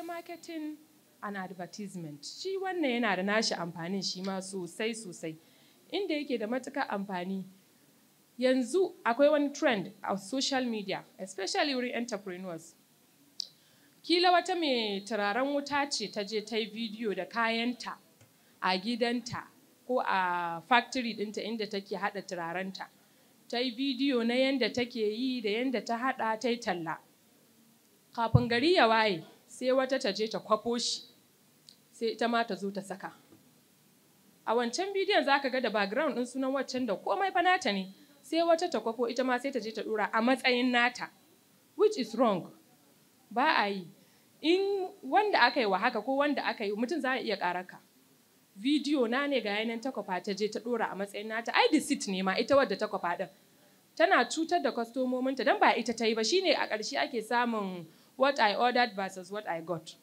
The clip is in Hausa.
sai marketing and advertisement shi wannan yana da nashi amfani shi ma sosai sosai inda yake da matuƙar amfani yanzu akwai wani trend a social media especially wurin entrepreneurs kila wata mai turaren wuta ce ta je ta yi bidiyo da kayanta a gidanta ko a factory ɗinta inda take haɗa turarenta ta yi bidiyo na yadda take yi da yadda ta haɗa ta yi talla kafin gari ya waye sai wata ta je ta kwafo shi sai ita ma ta zo ta saka a wancan bidiyon za ka ga da background din sunan waccan da komai fa nata ne sai wata ta kwafo ita ma sai ta je ta ɗora a matsayin nata which is wrong ba a yi in wanda aka yi wa haka ko wanda aka yi mutum za a iya karaka. bidiyo na ne ga yanan ta ta je ta ɗora a matsayin nata ai seat ne ma ita wadda ta din tana cutar da kwastomominta don ba ita ta yi ba shine a ƙarshe ake samun what I ordered versus what I got.